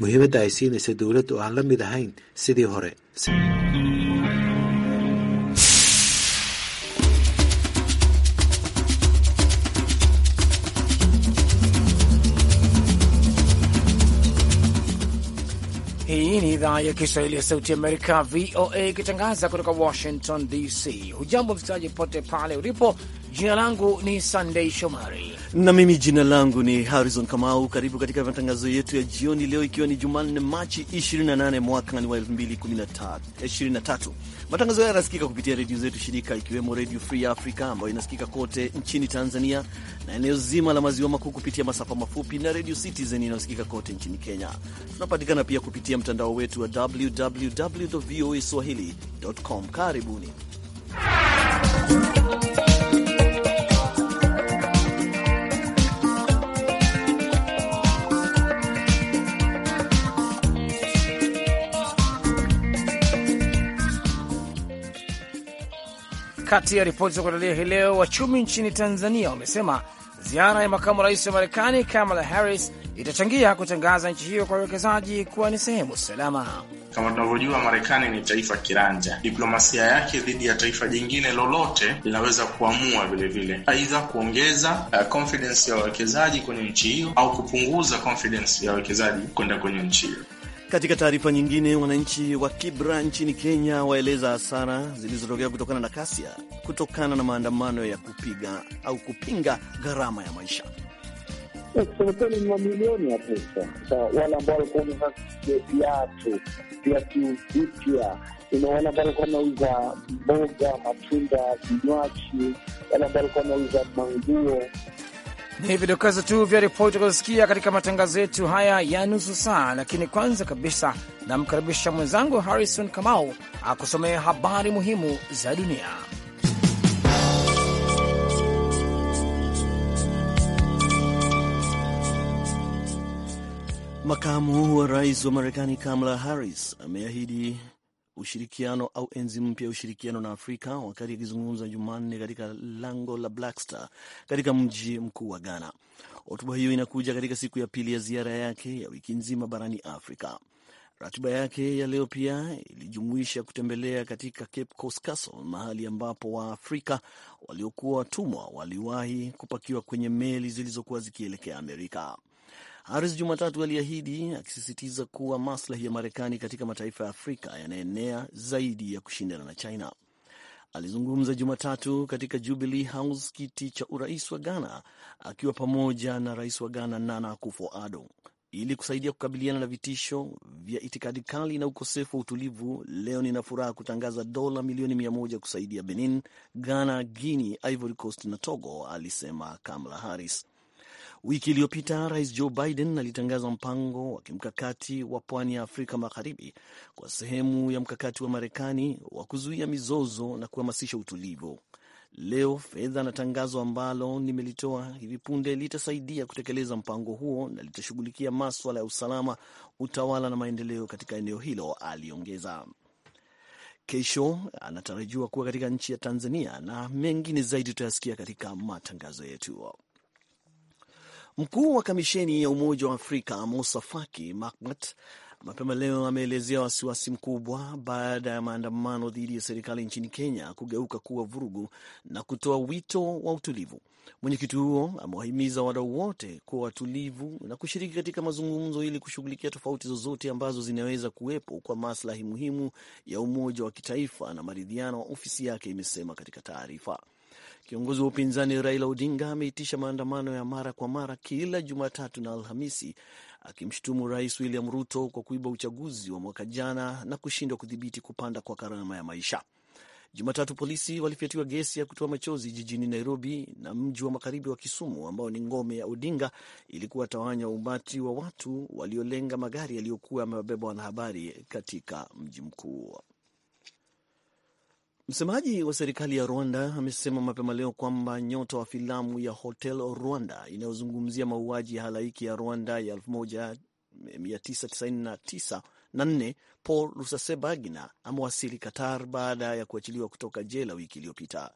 muhiimadda ay siinaysa dowladdu aan la mid ahayn sidii hore Hii ni idhaa ya Kiswahili ya Sauti Amerika, VOA, ikitangaza kutoka Washington DC. Hujambo msikilizaji popote pale ulipo. Jina langu ni Sandei Shomari na mimi jina langu ni Harrison Kamau. Karibu katika matangazo yetu ya jioni leo, ikiwa ni Jumanne Machi 28 mwaka ni wa 2023. Matangazo haya yanasikika kupitia redio zetu shirika, ikiwemo Redio Free Africa ambayo inasikika kote nchini Tanzania na eneo zima la maziwa makuu kupitia masafa mafupi na Redio Citizen inayosikika kote nchini Kenya. Tunapatikana pia kupitia mtandao wetu wa www voa swahili.com. Karibuni Kati ya ripoti za kuandalia hii leo, wachumi nchini Tanzania wamesema ziara ya makamu rais wa Marekani Kamala Harris itachangia kutangaza nchi hiyo kwa wawekezaji kuwa ni sehemu salama. Kama tunavyojua, Marekani ni taifa kiranja. Diplomasia yake dhidi ya taifa jingine lolote linaweza kuamua vilevile, aidha kuongeza uh, confidence ya wawekezaji kwenye nchi hiyo au kupunguza confidence ya wawekezaji kwenda kwenye nchi hiyo. Katika taarifa nyingine, wananchi wa Kibra nchini Kenya waeleza hasara zilizotokea kutokana na kasia kutokana na maandamano ya kupiga au kupinga gharama ya maisha. Kusema kweli ni mamilioni ya pesa. Wale ambao walikuwa wanauza viatu viatu vipya, wale ambao walikuwa wanauza mboga, matunda, vinywaji, wale ambao walikuwa wanauza manguo ni vidokezo tu vya ripoti utakazosikia katika matangazo yetu haya ya nusu saa, lakini kwanza kabisa namkaribisha mwenzangu Harrison Kamau akusomea habari muhimu za dunia. Makamu wa rais wa Marekani Kamala Harris ameahidi ushirikiano au enzi mpya ya ushirikiano na Afrika wakati akizungumza Jumanne katika lango la Black Star katika mji mkuu wa Ghana. Hotuba hiyo inakuja katika siku ya pili ya ziara yake ya wiki nzima barani Afrika. Ratiba yake ya leo pia ilijumuisha kutembelea katika Cape Coast Castle, mahali ambapo Waafrika waliokuwa watumwa waliwahi kupakiwa kwenye meli zilizokuwa zikielekea Amerika. Harris Jumatatu aliahidi akisisitiza kuwa maslahi ya Marekani katika mataifa ya Afrika yanaenea zaidi ya kushindana na China. Alizungumza Jumatatu katika Jubilee House, kiti cha urais wa Ghana, akiwa pamoja na rais wa Ghana Nana Akufo-Addo ili kusaidia kukabiliana na vitisho vya itikadi kali na ukosefu wa utulivu. Leo nina furaha kutangaza dola milioni mia moja kusaidia Benin, Ghana, Guinea, Ivory Coast na Togo, alisema Kamala Harris. Wiki iliyopita Rais Joe Biden alitangaza mpango wa kimkakati wa pwani ya Afrika Magharibi kwa sehemu ya mkakati wa Marekani wa kuzuia mizozo na kuhamasisha utulivu. Leo fedha na tangazo ambalo nimelitoa hivi punde litasaidia kutekeleza mpango huo na litashughulikia maswala ya usalama, utawala na maendeleo katika eneo hilo, aliongeza. Kesho anatarajiwa kuwa katika nchi ya Tanzania na mengine zaidi tutayasikia katika matangazo yetu. Mkuu wa kamisheni ya Umoja wa Afrika Musa Faki Mahamat mapema leo ameelezea wasiwasi mkubwa baada ya maandamano dhidi ya serikali nchini Kenya kugeuka kuwa vurugu na kutoa wito wa utulivu. Mwenyekiti huo amewahimiza wadau wote kuwa watulivu na kushiriki katika mazungumzo ili kushughulikia tofauti zozote ambazo zinaweza kuwepo kwa maslahi muhimu ya umoja wa kitaifa na maridhiano, ofisi yake imesema katika taarifa. Kiongozi wa upinzani Raila Odinga ameitisha maandamano ya mara kwa mara kila Jumatatu na Alhamisi, akimshutumu Rais William Ruto kwa kuiba uchaguzi wa mwaka jana na kushindwa kudhibiti kupanda kwa gharama ya maisha. Jumatatu polisi walifyatiwa gesi ya kutoa machozi jijini Nairobi na mji wa magharibi wa Kisumu, ambao ni ngome ya Odinga, ili kuwatawanya umati wa watu waliolenga magari yaliyokuwa yamewabeba wanahabari katika mji mkuu. Msemaji wa serikali ya Rwanda amesema mapema leo kwamba nyota wa filamu ya Hotel Rwanda inayozungumzia mauaji ya halaiki ya Rwanda ya 1994 na Paul Rusesabagina amewasili Qatar baada ya kuachiliwa kutoka jela wiki iliyopita.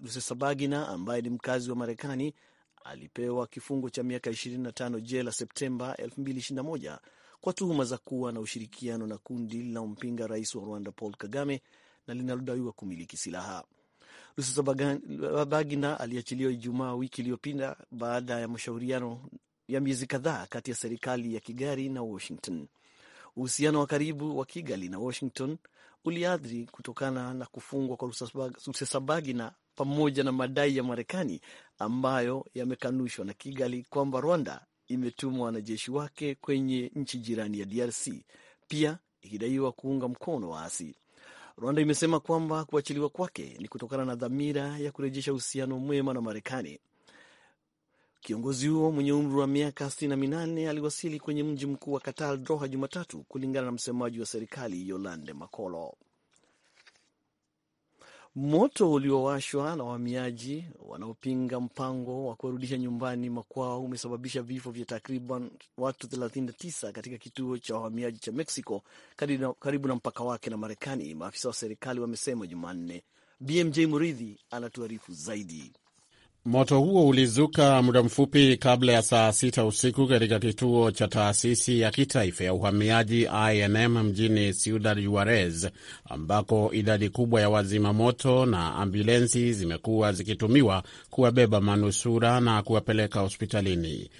Rusesabagina ambaye ni mkazi wa Marekani alipewa kifungo cha miaka 25 jela Septemba 2021 kwa tuhuma za kuwa na ushirikiano na kundi linalompinga rais wa Rwanda Paul Kagame na linalodaiwa kumiliki silaha. Rusesabagina aliachiliwa Ijumaa wiki iliyopita baada ya mashauriano ya miezi kadhaa kati ya serikali ya Kigali na Washington. Uhusiano wa karibu wa Kigali na Washington uliathiri kutokana na kufungwa kwa Rusesabagina pamoja na madai ya Marekani ambayo yamekanushwa na Kigali kwamba Rwanda imetumwa wanajeshi wake kwenye nchi jirani ya DRC, pia ikidaiwa kuunga mkono waasi. Rwanda imesema kwamba kuachiliwa kwake ni kutokana na dhamira ya kurejesha uhusiano mwema na Marekani. Kiongozi huo mwenye umri wa miaka 68 aliwasili kwenye mji mkuu wa katal Doha, Jumatatu, kulingana na msemaji wa serikali Yolande Makolo. Moto uliowashwa na wahamiaji wanaopinga mpango wa kuwarudisha nyumbani makwao umesababisha vifo vya takriban watu 39 katika kituo cha wahamiaji cha Mexico karibu na mpaka wake na Marekani, maafisa wa serikali wamesema Jumanne. BMJ Muridhi anatuarifu zaidi. Moto huo ulizuka muda mfupi kabla ya saa sita usiku katika kituo cha taasisi ya kitaifa ya uhamiaji INM mjini Ciudad Juarez, ambako idadi kubwa ya wazima moto na ambulensi zimekuwa zikitumiwa kuwabeba manusura na kuwapeleka hospitalini.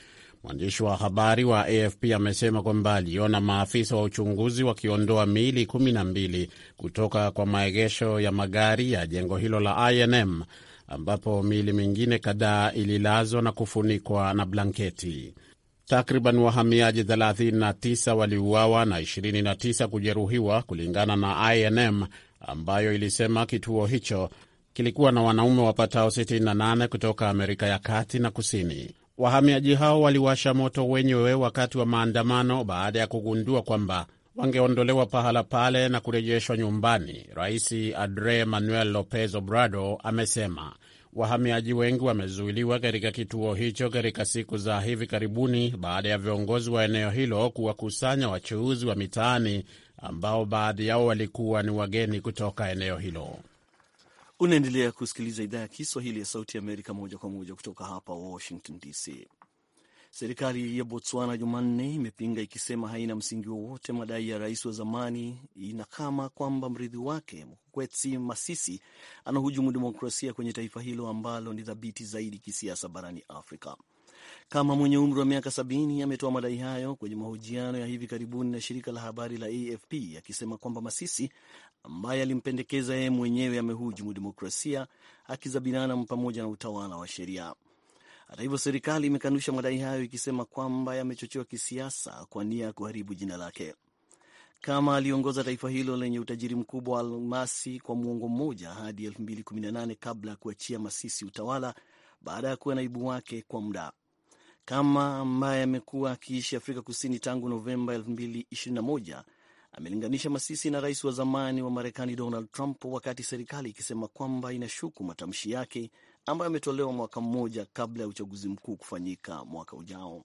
Mwandishi wa habari wa AFP amesema kwamba aliona maafisa wa uchunguzi wakiondoa miili kumi na mbili kutoka kwa maegesho ya magari ya jengo hilo la INM ambapo miili mingine kadhaa ililazwa na kufunikwa na blanketi. Takriban wahamiaji 39 waliuawa na 29 kujeruhiwa, kulingana na INM ambayo ilisema kituo hicho kilikuwa na wanaume wapatao 68 kutoka Amerika ya kati na kusini. Wahamiaji hao waliwasha moto wenyewe wakati wa maandamano baada ya kugundua kwamba wangeondolewa pahala pale na kurejeshwa nyumbani. Rais Andre Manuel Lopez Obrador amesema wahamiaji wengi wamezuiliwa katika kituo hicho katika siku za hivi karibuni baada ya viongozi wa eneo hilo kuwakusanya wachuuzi wa mitaani ambao baadhi yao walikuwa ni wageni kutoka eneo hilo. Unaendelea kusikiliza idhaa ya Kiswahili ya Sauti ya Amerika moja kwa moja kutoka hapa Washington DC. Serikali ya Botswana Jumanne imepinga ikisema haina msingi wowote madai ya rais wa zamani Inakama kwamba mrithi wake Mokgweetsi Masisi anahujumu demokrasia kwenye taifa hilo ambalo ni thabiti zaidi kisiasa barani Afrika. Kama mwenye umri wa miaka sabini ametoa madai hayo kwenye mahojiano ya hivi karibuni na shirika la habari la AFP akisema kwamba Masisi ambaye alimpendekeza yeye mwenyewe amehujumu demokrasia, haki za binadamu pamoja na utawala wa sheria. Hata hivyo, serikali imekanusha madai hayo ikisema kwamba yamechochewa kisiasa kwa nia ya kuharibu jina lake. Kama aliongoza taifa hilo lenye utajiri mkubwa wa almasi kwa muongo mmoja hadi 2018 kabla ya kuachia Masisi utawala baada ya kuwa naibu wake kwa muda. Kama ambaye amekuwa akiishi Afrika Kusini tangu Novemba 2021 amelinganisha Masisi na rais wa zamani wa Marekani Donald Trump, wakati serikali ikisema kwamba inashuku matamshi yake ambayo ametolewa mwaka mmoja kabla ya uchaguzi mkuu kufanyika mwaka ujao.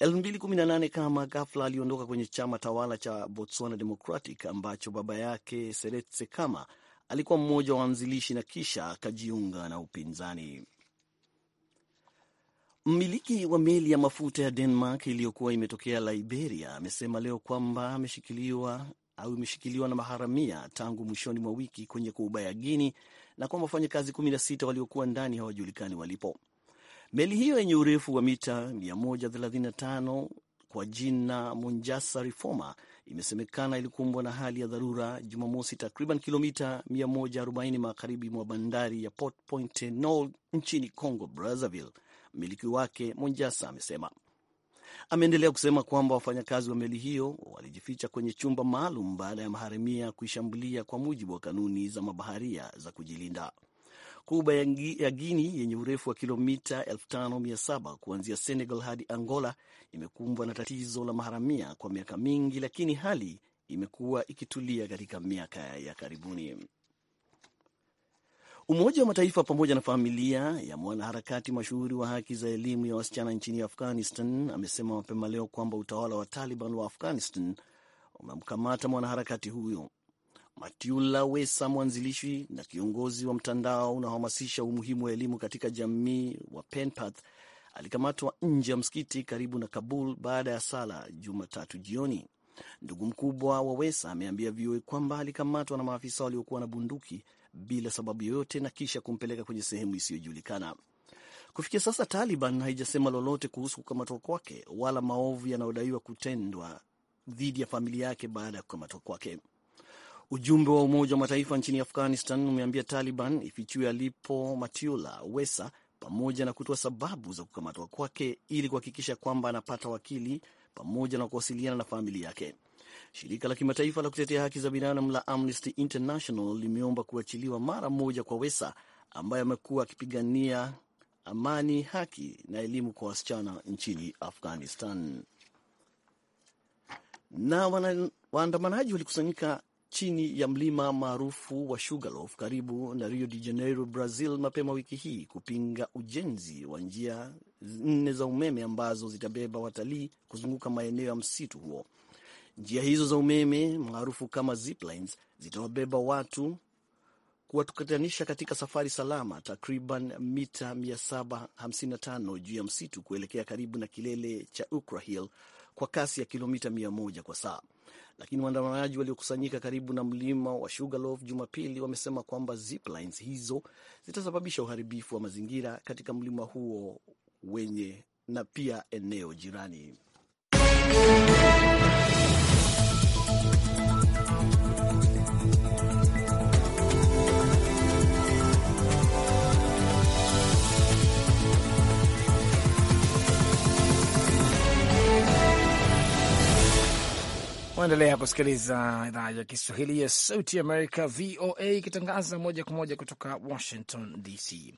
2018 kama ghafla aliondoka kwenye chama tawala cha Botswana Democratic ambacho baba yake Seretse Khama alikuwa mmoja wa waanzilishi na kisha akajiunga na upinzani. Mmiliki wa meli ya mafuta ya Denmark iliyokuwa imetokea Liberia amesema leo kwamba ameshikiliwa au imeshikiliwa na maharamia tangu mwishoni mwa wiki kwenye kuba ya Guini na kwamba wafanyakazi 16 waliokuwa ndani hawajulikani walipo. Meli hiyo yenye urefu wa mita 135 kwa jina Monjasa Reforma imesemekana ilikumbwa na hali ya dharura Jumamosi, takriban kilomita 140 magharibi mwa bandari ya Port Pointe Noll nchini Congo Brazzaville. Mmiliki wake Monjasa amesema Ameendelea kusema kwamba wafanyakazi wa meli hiyo walijificha kwenye chumba maalum baada ya maharamia kuishambulia kwa mujibu wa kanuni za mabaharia za kujilinda. Kuba ya Guini yenye urefu wa kilomita 57 kuanzia Senegal hadi Angola imekumbwa na tatizo la maharamia kwa miaka mingi, lakini hali imekuwa ikitulia katika miaka ya karibuni. Umoja wa Mataifa pamoja na familia ya mwanaharakati mashuhuri wa haki za elimu ya wasichana nchini Afghanistan amesema mapema leo kwamba utawala wa Taliban wa Afghanistan umemkamata mwanaharakati huyo. Matiula Wesa, mwanzilishi na kiongozi wa mtandao unaohamasisha umuhimu wa elimu katika jamii wa Penpath, alikamatwa nje ya msikiti karibu na Kabul baada ya sala Jumatatu jioni. Ndugu mkubwa wa Wesa ameambia VOA kwamba alikamatwa na maafisa waliokuwa na bunduki bila sababu yoyote na kisha kumpeleka kwenye sehemu isiyojulikana. Kufikia sasa, Taliban haijasema lolote kuhusu kukamatwa kwake wala maovu yanayodaiwa kutendwa dhidi ya familia yake baada ya kukamatwa kwake. Ujumbe wa Umoja wa Mataifa nchini Afghanistan umeambia Taliban ifichue alipo Matiula Wesa pamoja na kutoa sababu za kukamatwa kwake ili kuhakikisha kwamba anapata wakili pamoja na kuwasiliana na familia yake. Shirika la kimataifa la kutetea haki za binadamu la Amnesty International limeomba kuachiliwa mara moja kwa Wesa ambaye amekuwa akipigania amani, haki na elimu kwa wasichana nchini Afghanistan. Na wana, waandamanaji walikusanyika chini ya mlima maarufu wa Sugarloaf karibu na Rio de Janeiro, Brazil, mapema wiki hii kupinga ujenzi wa njia nne za umeme ambazo zitabeba watalii kuzunguka maeneo ya msitu huo. Njia hizo za umeme maarufu kama ziplines zitawabeba watu kuwatukutanisha katika safari salama takriban mita 755 juu ya msitu kuelekea karibu na kilele cha Ukra Hill kwa kasi ya kilomita 100 kwa saa. Lakini waandamanaji waliokusanyika karibu na mlima wa Sugarloaf Jumapili wamesema kwamba ziplines hizo zitasababisha uharibifu wa mazingira katika mlima huo wenye na pia eneo jirani waendelea kusikiliza idhaa ya Kiswahili ya Sauti Amerika, VOA, ikitangaza moja kwa moja kutoka Washington DC.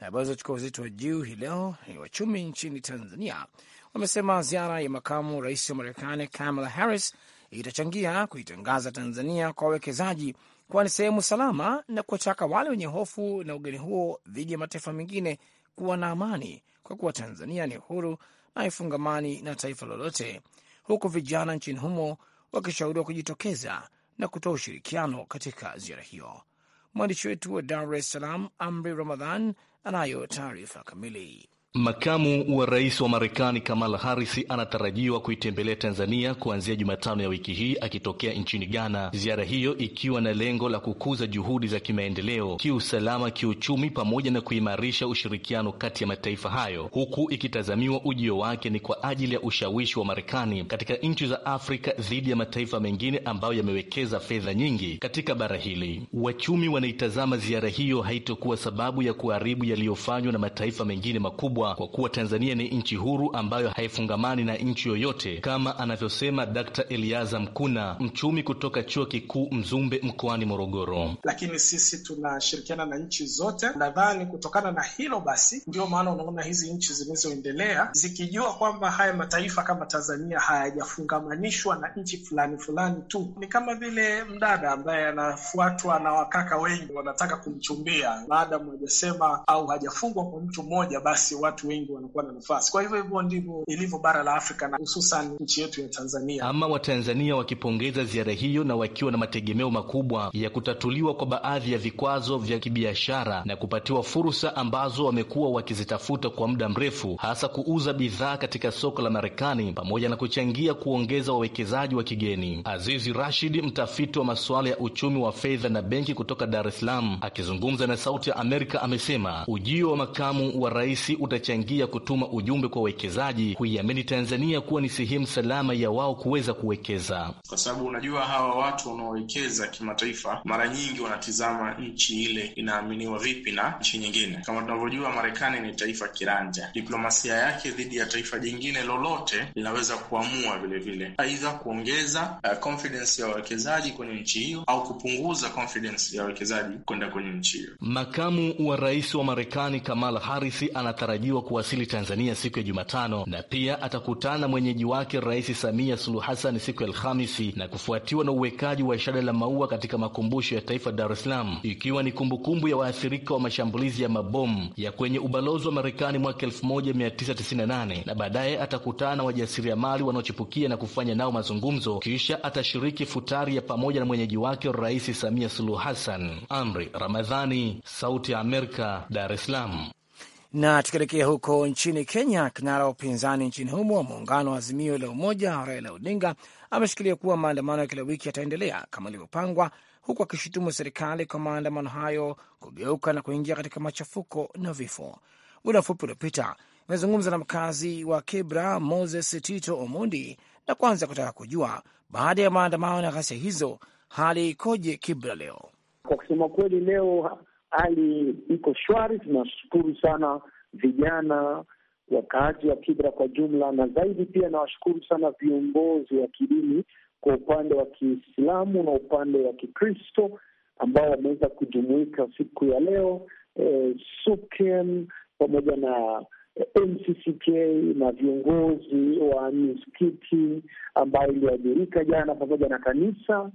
Na habari chukua uzito wa juu hii leo ni wachumi nchini Tanzania wamesema ziara ya makamu rais wa Marekani Kamala Harris itachangia kuitangaza Tanzania kwa wawekezaji kuwa ni sehemu salama na kuwataka wale wenye hofu na ugeni huo dhidi ya mataifa mengine kuwa na amani kwa kuwa Tanzania ni huru na haifungamani na taifa lolote, huku vijana nchini humo wakishauriwa kujitokeza na kutoa ushirikiano katika ziara hiyo. Mwandishi wetu wa Dar es Salaam, Amri Ramadhan, anayo taarifa kamili. Makamu wa rais wa Marekani Kamala Harris anatarajiwa kuitembelea Tanzania kuanzia Jumatano ya wiki hii akitokea nchini Ghana, ziara hiyo ikiwa na lengo la kukuza juhudi za kimaendeleo, kiusalama, kiuchumi pamoja na kuimarisha ushirikiano kati ya mataifa hayo, huku ikitazamiwa ujio wake ni kwa ajili ya ushawishi wa Marekani katika nchi za Afrika dhidi ya mataifa mengine ambayo yamewekeza fedha nyingi katika bara hili. Wachumi wanaitazama ziara hiyo haitokuwa sababu ya kuharibu yaliyofanywa na mataifa mengine makubwa kubwa kwa kuwa Tanzania ni nchi huru ambayo haifungamani na nchi yoyote, kama anavyosema Dkt. Eliaza Mkuna, mchumi kutoka chuo kikuu Mzumbe mkoani Morogoro. Lakini sisi tunashirikiana na nchi zote. Nadhani kutokana na hilo basi, ndio maana unaona hizi nchi zilizoendelea zikijua kwamba haya mataifa kama Tanzania hayajafungamanishwa na nchi fulani fulani tu. Ni kama vile mdada ambaye anafuatwa na wakaka wengi wanataka kumchumbia, maadamu hajasema au hajafungwa kwa mtu mmoja, basi watu wengi wanakuwa na nafasi. Kwa hivyo hivyo ndivyo ilivyo bara la Afrika na hususan nchi yetu ya Tanzania. Ama Watanzania wakipongeza ziara hiyo na wakiwa na mategemeo makubwa ya kutatuliwa kwa baadhi ya vikwazo vya kibiashara na kupatiwa fursa ambazo wamekuwa wakizitafuta kwa muda mrefu, hasa kuuza bidhaa katika soko la Marekani pamoja na kuchangia kuongeza wawekezaji wa kigeni. Azizi Rashid, mtafiti wa masuala ya uchumi wa fedha na benki kutoka Dar es Salaam, akizungumza na Sauti ya Amerika amesema ujio wa makamu wa rais uta itachangia kutuma ujumbe kwa wawekezaji kuiamini Tanzania kuwa ni sehemu salama ya wao kuweza kuwekeza, kwa sababu unajua hawa watu wanaowekeza kimataifa mara nyingi wanatizama nchi ile inaaminiwa vipi na nchi nyingine. Kama tunavyojua, Marekani ni taifa kiranja, diplomasia yake dhidi ya taifa jingine lolote linaweza kuamua vilevile, aidha kuongeza uh, confidence ya wawekezaji kwenye nchi hiyo au kupunguza confidence ya wawekezaji kwenda kwenye nchi hiyo. Makamu wa rais wa Marekani Kamala Harris anatarajia anatarajiwa kuwasili Tanzania siku ya Jumatano na pia atakutana mwenyeji wake Rais Samia Suluhu Hassan siku ya Alhamisi na kufuatiwa na uwekaji wa shada la maua katika makumbusho ya taifa Dar es Salaam, ikiwa ni kumbukumbu ya waathirika wa mashambulizi ya mabomu ya kwenye ubalozi wa Marekani mwaka 1998 na baadaye atakutana na wajasiriamali wanaochipukia na kufanya nao mazungumzo, kisha atashiriki futari ya pamoja na mwenyeji wake Rais Samia Suluhu Hassan. Amri Ramadhani, Sauti ya Amerika, Dar es Salaam. Na tukielekea huko nchini Kenya, kinara wa upinzani nchini humo, muungano wa Azimio la Umoja, Raila Odinga ameshikilia kuwa maandamano ya kila wiki yataendelea kama ilivyopangwa, huku akishutumu serikali kwa maandamano hayo kugeuka na kuingia katika machafuko na vifo. Muda mfupi uliopita imezungumza na mkazi wa Kibra, Moses Tito omundi na kwanza kutaka kujua baada ya maandamano na ghasia hizo hali ikoje Kibra leo. Kwa kusema kweli, leo hali iko shwari. Tunashukuru sana vijana wakaaji wa Kibra kwa jumla, na zaidi pia nawashukuru sana viongozi wa kidini kwa upande wa Kiislamu na upande wa Kikristo ambao wameweza kujumuika siku ya leo eh, SUKEM pamoja na MCCK eh, na viongozi wa misikiti ambayo iliadhirika jana pamoja na kanisa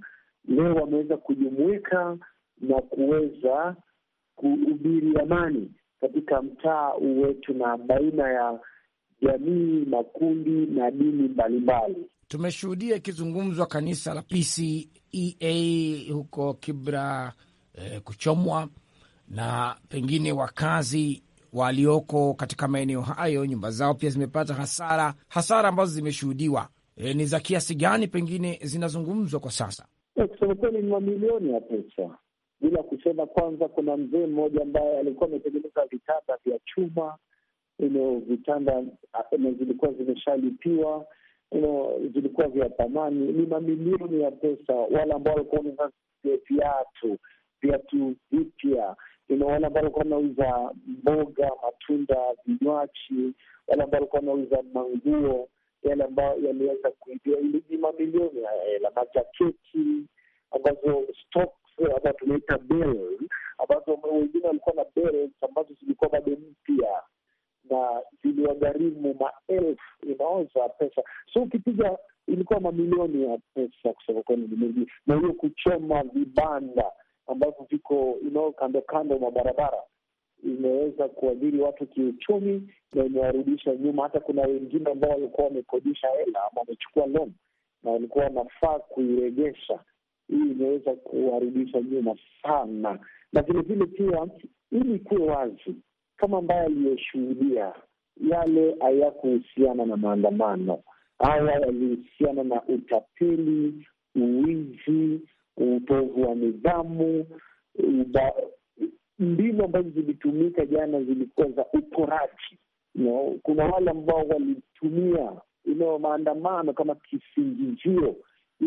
leo wameweza kujumuika na kuweza kuhubiri amani katika mtaa wetu na baina ya jamii, makundi na dini mbalimbali. Tumeshuhudia ikizungumzwa kanisa la PCEA huko Kibra eh, kuchomwa na pengine wakazi walioko katika maeneo hayo, nyumba zao pia zimepata hasara, hasara ambazo zimeshuhudiwa e, ni za kiasi gani pengine zinazungumzwa kwa sasa? Eh, kusema kweli ni mamilioni ya pesa bila kusema kwanza, kuna mzee mmoja ambaye alikuwa ametengeneza vitanda vya chuma you know, vitanda uh, zilikuwa zimeshalipiwa you know, zilikuwa vya thamani, ni mamilioni ya pesa. Wale ambao walikuwa wanauza viatu viatu vipya you know, wale ambao walikuwa wanauza mboga, matunda, vinywaji, wale ambao walikuwa wanauza manguo yale ambayo yaliweza kuibia, ni mamilioni ya hela, majaketi ambazo stock ama tunaita barrels, ambazo wengine walikuwa na barrels ambazo zilikuwa bado mpya na ziliwagharimu maelfu inaoza pesa, so ukipiga ilikuwa mamilioni ya pesa kusema kweli, mingi na hiyo kuchoma vibanda ambavyo viko inao kando kando mwa barabara imeweza kuadhiri watu kiuchumi na imewarudisha nyuma. Hata kuna wengine ambao walikuwa wamekodisha hela ama wamechukua loan na walikuwa wanafaa kuiregesha hii imeweza kuwarudisha nyuma sana, na vilevile pia ili ikuwe wazi kama ambaye aliyeshuhudia yale hayakuhusiana na maandamano, haya yalihusiana na utapeli, uwizi, utovu wa nidhamu. Mbinu ambazo zilitumika jana zilikuwa za uporaji no. Kuna wale ambao walitumia ino maandamano kama kisingizio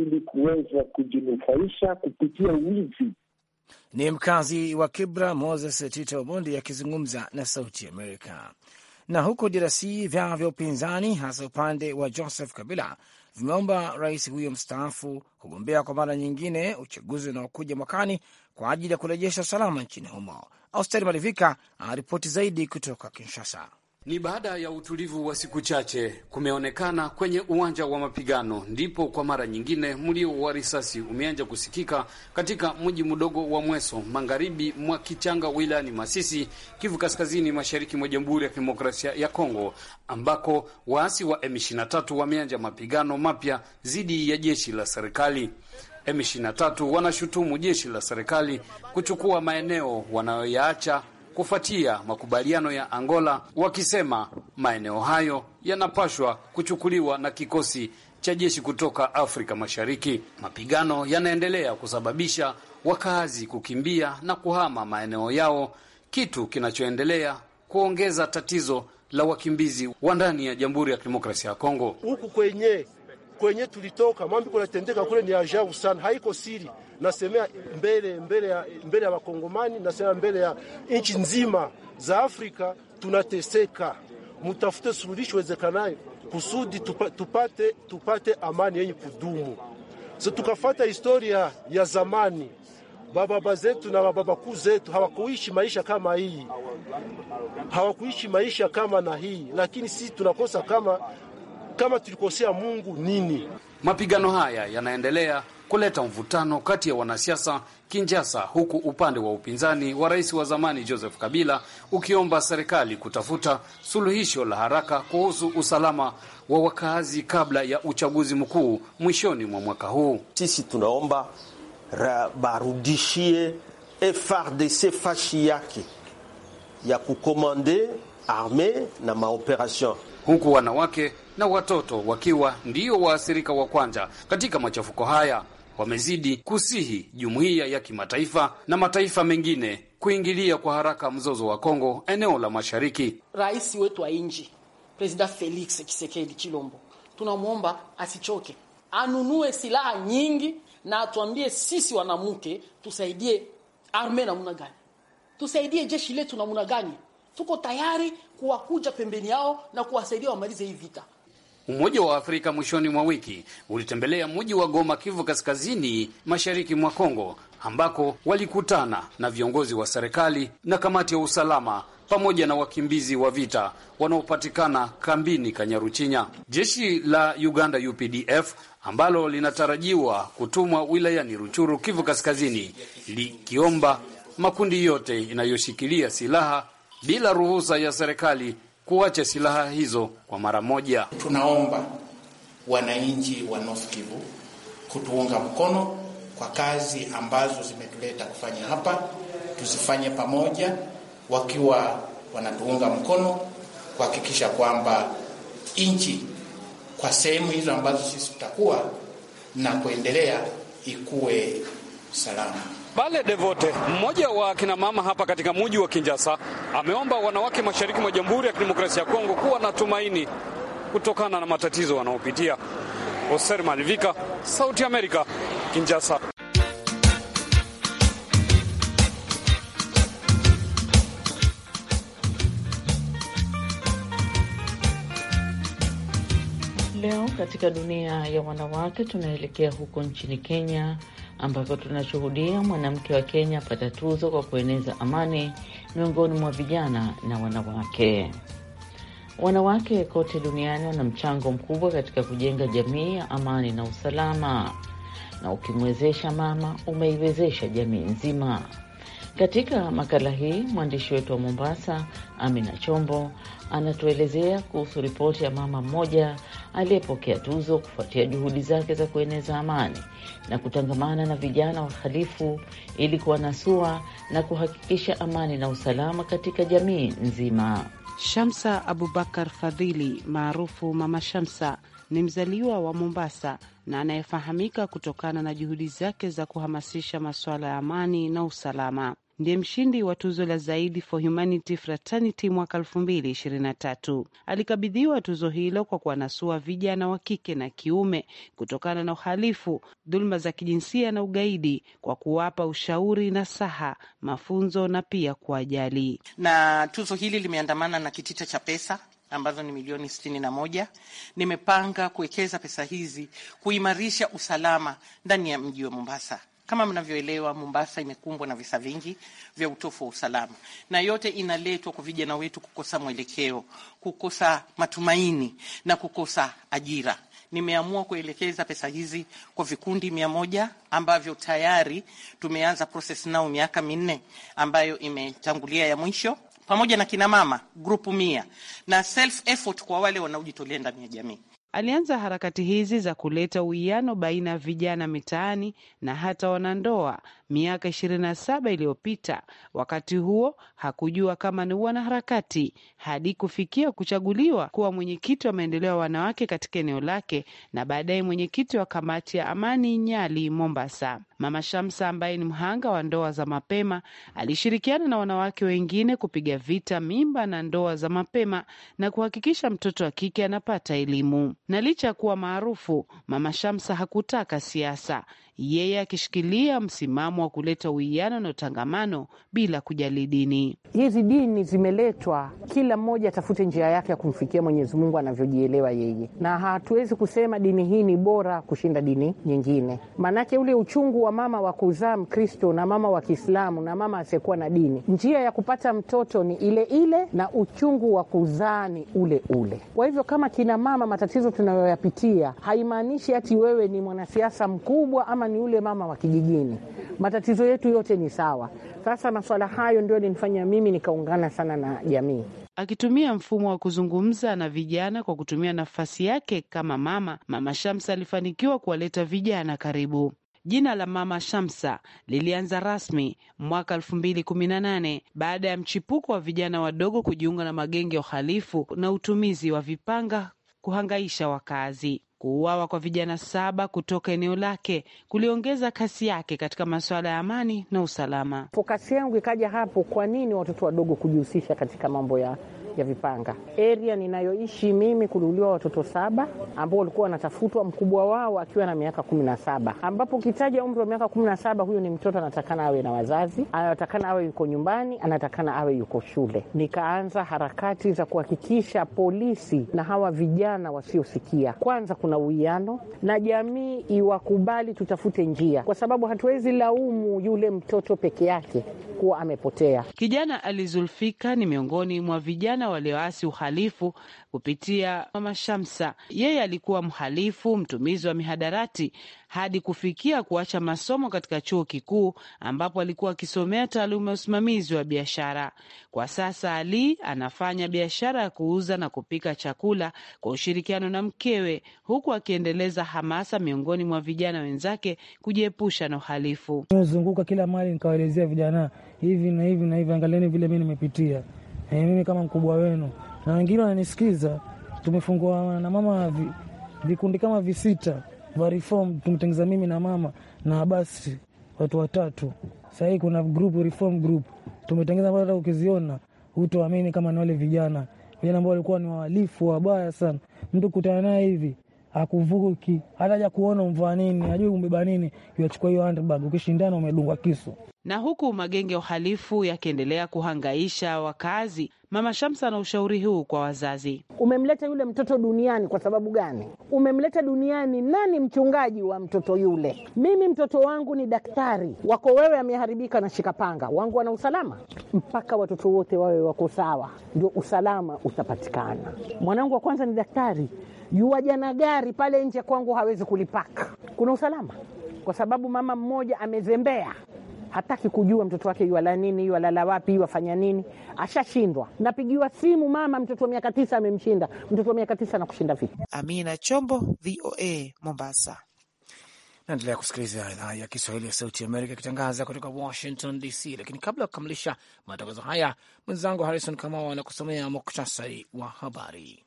ili kuweza kujinufaisha kupitia wizi. Ni mkazi wa Kibra Moses Tito Obondi akizungumza na Sauti Amerika. Na huko DRC vyama vya upinzani hasa upande wa Joseph Kabila vimeomba rais huyo mstaafu kugombea kwa mara nyingine uchaguzi unaokuja mwakani kwa ajili ya kurejesha usalama nchini humo. Austeri Malivika anaripoti zaidi kutoka Kinshasa. Ni baada ya utulivu wa siku chache kumeonekana kwenye uwanja wa mapigano, ndipo kwa mara nyingine mlio wa risasi umeanza kusikika katika mji mdogo wa Mweso, magharibi mwa Kichanga, wilayani Masisi, Kivu Kaskazini, mashariki mwa Jamhuri ya Kidemokrasia ya Kongo, ambako waasi wa M23 wameanza mapigano mapya dhidi ya jeshi la serikali. M23 wanashutumu jeshi la serikali kuchukua maeneo wanayoyaacha kufuatia makubaliano ya Angola, wakisema maeneo hayo yanapashwa kuchukuliwa na kikosi cha jeshi kutoka Afrika Mashariki. Mapigano yanaendelea kusababisha wakazi kukimbia na kuhama maeneo yao, kitu kinachoendelea kuongeza tatizo la wakimbizi wa ndani ya Jamhuri ya Kidemokrasia ya Kongo. Huku kwenye kwenye tulitoka mambo kunatendeka kule ni ajabu sana, haiko siri nasemea mbele, mbele ya mbele ya Wakongomani, nasemea mbele ya nchi nzima za Afrika. Tunateseka, mutafute suluhisho wezekanayo kusudi tupate, tupate amani yenye kudumu. So, tukafata historia ya zamani bababa zetu na bababakuu zetu hawakuishi maisha kama hii, hawakuishi maisha kama na hii, lakini sisi tunakosa kama, kama tulikosea Mungu nini? Mapigano haya yanaendelea kuleta mvutano kati ya wanasiasa Kinjasa, huku upande wa upinzani wa rais wa zamani Joseph Kabila ukiomba serikali kutafuta suluhisho la haraka kuhusu usalama wa wakaazi kabla ya uchaguzi mkuu mwishoni mwa mwaka huu. Sisi tunaomba barudishie FRDC fashi yake ya kukomande arme na maoperation, huku wanawake na watoto wakiwa ndio waathirika wa kwanza katika machafuko haya wamezidi kusihi jumuiya ya kimataifa na mataifa mengine kuingilia kwa haraka mzozo wa Kongo eneo la mashariki. Rais wetu wa nji President Felix Tshisekedi Chilombo, tunamwomba asichoke, anunue silaha nyingi na atuambie sisi wanamke tusaidie arme namuna gani, tusaidie jeshi letu namuna gani. Tuko tayari kuwakuja pembeni yao na kuwasaidia wamalize hii vita. Umoja wa Afrika mwishoni mwa wiki ulitembelea mji wa Goma, Kivu Kaskazini, mashariki mwa Kongo, ambako walikutana na viongozi wa serikali na kamati ya usalama pamoja na wakimbizi wa vita wanaopatikana kambini Kanyaruchinya. Jeshi la Uganda UPDF ambalo linatarajiwa kutumwa wilayani Ruchuru, Kivu Kaskazini, likiomba makundi yote inayoshikilia silaha bila ruhusa ya serikali kuacha silaha hizo kwa mara moja. Tunaomba wananchi wa North Kivu kutuunga mkono kwa kazi ambazo zimetuleta kufanya hapa, tuzifanye pamoja, wakiwa wanatuunga mkono kuhakikisha kwamba nchi kwa sehemu hizo ambazo sisi tutakuwa na kuendelea ikuwe salama. Bale Devote, mmoja wa kina mama hapa katika muji wa kinjasa ameomba wanawake mashariki mwa Jamhuri ya Kidemokrasia ya Kongo kuwa na tumaini kutokana na matatizo wanaopitia. Oser Malivika, Sauti america Amerika, Leo katika dunia ya wanawake tunaelekea huko nchini Kenya ambapo tunashuhudia mwanamke wa Kenya apata tuzo kwa kueneza amani miongoni mwa vijana na wanawake. Wanawake kote duniani wana mchango mkubwa katika kujenga jamii ya amani na usalama, na ukimwezesha mama umeiwezesha jamii nzima. Katika makala hii mwandishi wetu wa Mombasa, Amina Chombo, anatuelezea kuhusu ripoti ya mama mmoja aliyepokea tuzo kufuatia juhudi zake za kueneza amani na kutangamana na vijana wahalifu ili kuwanasua na kuhakikisha amani na usalama katika jamii nzima. Shamsa Abubakar Fadhili maarufu Mama Shamsa ni mzaliwa wa Mombasa na anayefahamika kutokana na juhudi zake za kuhamasisha masuala ya amani na usalama ndiye mshindi wa tuzo la Zaidi for Humanity Fraternity mwaka tatu. Alikabidhiwa tuzo hilo kwa kuwanasua vijana wa kike na kiume kutokana na uhalifu, dhuluma za kijinsia na ugaidi kwa kuwapa ushauri na saha, mafunzo na pia kuwajali. Na tuzo hili limeandamana na kitita cha pesa ambazo ni milioni sitini na moja. Nimepanga kuwekeza pesa hizi kuimarisha usalama ndani ya mji wa Mombasa. Kama mnavyoelewa, Mombasa imekumbwa na visa vingi vya utofu wa usalama, na yote inaletwa kwa vijana wetu kukosa mwelekeo, kukosa matumaini na kukosa ajira. Nimeamua kuelekeza pesa hizi kwa vikundi mia moja ambavyo tayari tumeanza proses nao miaka minne ambayo imetangulia ya mwisho, pamoja na kinamama grupu mia na self effort kwa wale wanaojitolea ndani ya jamii alianza harakati hizi za kuleta uwiano baina ya vijana mitaani na hata wanandoa miaka 27 iliyopita. Wakati huo hakujua kama ni wanaharakati hadi kufikia kuchaguliwa kuwa mwenyekiti wa maendeleo ya wanawake katika eneo lake na baadaye mwenyekiti wa kamati ya amani Nyali, Mombasa. Mama Shamsa ambaye ni mhanga wa ndoa za mapema alishirikiana na wanawake wengine kupiga vita mimba na ndoa za mapema na kuhakikisha mtoto wa kike anapata elimu. Na licha ya kuwa maarufu, Mama Shamsa hakutaka siasa yeye akishikilia msimamo wa kuleta uwiano na utangamano bila kujali dini. Hizi dini zimeletwa, kila mmoja atafute njia yake ya kumfikia Mwenyezi Mungu anavyojielewa yeye, na hatuwezi kusema dini hii ni bora kushinda dini nyingine, maanake ule uchungu wa mama wa kuzaa Mkristo na mama wa Kiislamu na mama asiyekuwa na dini, njia ya kupata mtoto ni ile ile na uchungu wa kuzaa ni ule ule. Kwa hivyo kama kina mama, matatizo tunayoyapitia haimaanishi hati wewe ni mwanasiasa mkubwa ama ni yule mama wa kijijini, matatizo yetu yote ni sawa. Sasa masuala hayo ndio yalinifanya mimi nikaungana sana na jamii. Akitumia mfumo wa kuzungumza na vijana kwa kutumia nafasi yake kama mama, Mama Shamsa alifanikiwa kuwaleta vijana karibu. Jina la Mama Shamsa lilianza rasmi mwaka elfu mbili kumi na nane baada ya mchipuko wa vijana wadogo kujiunga na magenge ya uhalifu na utumizi wa vipanga kuhangaisha wakazi. Kuuawa kwa vijana saba kutoka eneo lake kuliongeza kasi yake katika masuala ya amani na usalama. Fokasi yangu ikaja hapo, kwa nini watoto wadogo kujihusisha katika mambo ya ya Vipanga. Area ninayoishi mimi kuliuliwa watoto saba ambao walikuwa wanatafutwa, mkubwa wao akiwa na miaka kumi na saba ambapo ukitaja umri wa miaka kumi na saba huyo ni mtoto anatakana awe na wazazi, anatakana awe yuko nyumbani, anatakana awe yuko shule. Nikaanza harakati za kuhakikisha polisi na hawa vijana wasiosikia, kwanza kuna uwiano na jamii iwakubali, tutafute njia, kwa sababu hatuwezi laumu yule mtoto peke yake kuwa amepotea. Kijana Alizulfika ni miongoni mwa vijana vijana walioasi uhalifu kupitia Mama Shamsa. Yeye alikuwa mhalifu, mtumizi wa mihadarati hadi kufikia kuacha masomo katika chuo kikuu ambapo alikuwa akisomea taaluma ya usimamizi wa biashara. Kwa sasa Ali anafanya biashara ya kuuza na kupika chakula kwa ushirikiano na mkewe, huku akiendeleza hamasa miongoni mwa vijana wenzake kujiepusha na uhalifu. Nimezunguka kila mahali nikawaelezea vijana hivi na hivi na hivi, angalieni vile mi nimepitia E, mimi kama mkubwa wenu na wengine wananisikiza, tumefungua na mama vikundi kama visita vya reform, tumetengeza mimi na mama na basi watu watatu. Sahii kuna group, reform group tumetengeza ambayo hata ukiziona hutoamini kama ni wale vijana vijana ambao walikuwa ni wahalifu wabaya sana, mtu kutana naye hivi akuvuki, hata haja kuona umvaa nini, ajui umbeba nini, kiachukua hiyo handbag, ukishindana umedungwa kisu. Na huku magenge ya uhalifu yakiendelea kuhangaisha wakazi, Mama Shamsa ana ushauri huu kwa wazazi: umemleta yule mtoto duniani kwa sababu gani? Umemleta duniani, nani mchungaji wa mtoto yule? Mimi mtoto wangu ni daktari wako, wewe ameharibika na shikapanga wangu, wana usalama mpaka watoto wote wawe wako sawa, ndio usalama utapatikana. Mwanangu wa kwanza ni daktari, Yuwaja na gari pale nje kwangu hawezi kulipaka, kuna usalama, kwa sababu mama mmoja amezembea, hataki kujua mtoto wake yuwala nini, yuwalala wapi, yuwafanya nini, ashashindwa. Napigiwa simu, mama mtoto wa miaka tisa amemshinda. Mtoto wa miaka tisa nakushinda vipi? Amina Chombo, VOA, Mombasa. Naendelea kusikiliza idhaa ya Kiswahili ya Sauti Amerika ikitangaza kutoka Washington DC. Lakini kabla ya kukamilisha matangazo haya, mwenzangu Harrison Kamau anakusomea muktasari wa habari.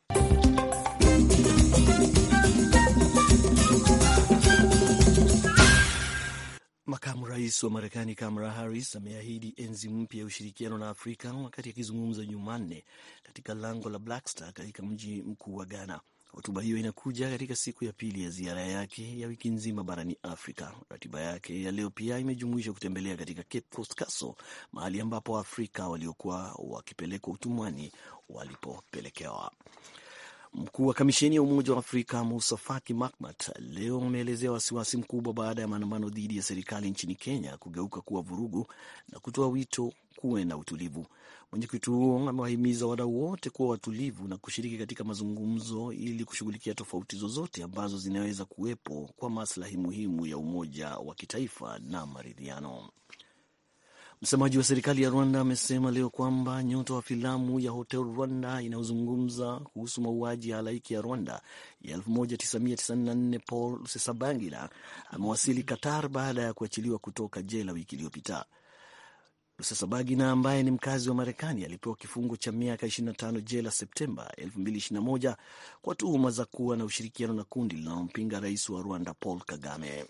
Makamu rais wa Marekani Kamala Harris ameahidi enzi mpya ya ushirikiano na Afrika wakati akizungumza Jumanne katika lango la Black Star katika mji mkuu wa Ghana. Hotuba hiyo inakuja katika siku ya pili ya ziara yake ya wiki nzima barani Afrika. Ratiba yake ya leo pia imejumuisha kutembelea katika Cape Coast Castle, mahali ambapo Waafrika waliokuwa wakipelekwa utumwani walipopelekewa. Mkuu wa kamisheni ya Umoja wa Afrika Musa Faki Mahamat leo ameelezea wasiwasi mkubwa baada ya maandamano dhidi ya serikali nchini Kenya kugeuka kuwa vurugu na kutoa wito kuwe na utulivu. Mwenyekiti huo amewahimiza wadau wote kuwa watulivu na kushiriki katika mazungumzo ili kushughulikia tofauti zozote ambazo zinaweza kuwepo kwa maslahi muhimu ya umoja wa kitaifa na maridhiano. Msemaji wa serikali ya Rwanda amesema leo kwamba nyota wa filamu ya Hotel Rwanda inayozungumza kuhusu mauaji ya halaiki ya Rwanda ya 1994 Paul Rusesabagina amewasili Qatar baada ya kuachiliwa kutoka jela wiki iliyopita. Rusesabagina ambaye ni mkazi wa Marekani alipewa kifungo cha miaka 25 jela Septemba 2021 kwa tuhuma za kuwa na ushirikiano na kundi linalompinga rais wa Rwanda Paul Kagame.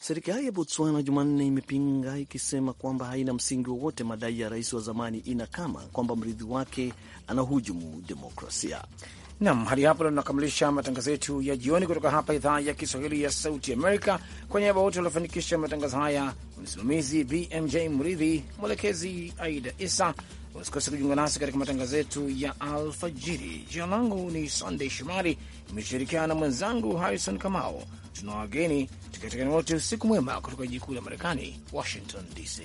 Serikali ya Botswana Jumanne imepinga ikisema kwamba haina msingi wowote madai ya rais wa zamani Ina Kama kwamba mrithi wake anahujumu demokrasia. Nam, hadi hapo ndo tunakamilisha matangazo yetu ya jioni kutoka hapa idhaa ya Kiswahili ya Sauti Amerika. Kwa niaba wote waliofanikisha matangazo haya, msimamizi BMJ Mridhi, mwelekezi Aida Isa. Usikose kujiunga nasi katika matangazo yetu ya alfajiri. Jina langu ni Sandey Shomari, imeshirikiana na mwenzangu Harrison Kamao tuna wageni tukiatakani wote usiku mwema kutoka jiji kuu la Marekani, Washington DC.